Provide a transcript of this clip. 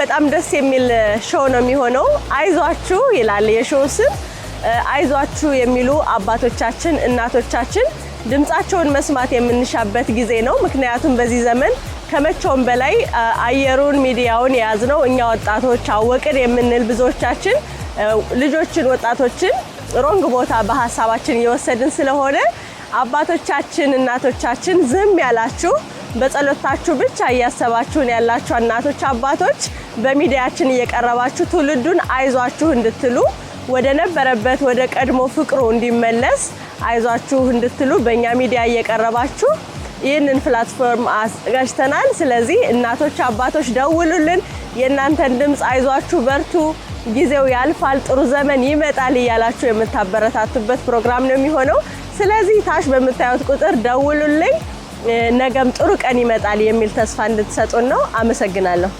በጣም ደስ የሚል ሾው ነው የሚሆነው። አይዟችሁ ይላል የሾው ስም። አይዟችሁ የሚሉ አባቶቻችን፣ እናቶቻችን ድምፃቸውን መስማት የምንሻበት ጊዜ ነው። ምክንያቱም በዚህ ዘመን ከመቼውም በላይ አየሩን ሚዲያውን የያዝነው እኛ ወጣቶች አወቅን የምንል ብዙዎቻችን ልጆችን፣ ወጣቶችን ሮንግ ቦታ በሀሳባችን እየወሰድን ስለሆነ አባቶቻችን፣ እናቶቻችን ዝም ያላችሁ በጸሎታችሁ ብቻ እያሰባችሁን ያላችሁ እናቶች፣ አባቶች በሚዲያችን እየቀረባችሁ ትውልዱን አይዟችሁ እንድትሉ ወደ ነበረበት ወደ ቀድሞ ፍቅሩ እንዲመለስ አይዟችሁ እንድትሉ በእኛ ሚዲያ እየቀረባችሁ ይህንን ፕላትፎርም አዘጋጅተናል። ስለዚህ እናቶች፣ አባቶች ደውሉልን። የእናንተን ድምፅ አይዟችሁ፣ በርቱ፣ ጊዜው ያልፋል፣ ጥሩ ዘመን ይመጣል እያላችሁ የምታበረታቱበት ፕሮግራም ነው የሚሆነው። ስለዚህ ታች በምታዩት ቁጥር ደውሉልኝ። ነገም ጥሩ ቀን ይመጣል የሚል ተስፋ እንድትሰጡን ነው። አመሰግናለሁ።